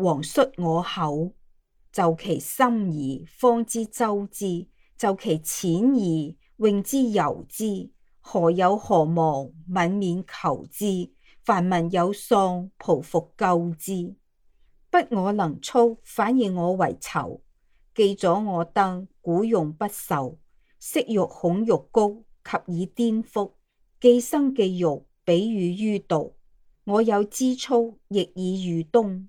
遑恤我後，就其深矣，方之舟之，就其淺矣，泳之游之。何有何亡，黽勉求之。凡民有喪，匍匐救之。不我能慉，反以我為讎。既阻我德，賈用不售。昔育恐育鞫，及爾顛覆。既生既育，比予于毒。我有旨蓄，亦以御冬。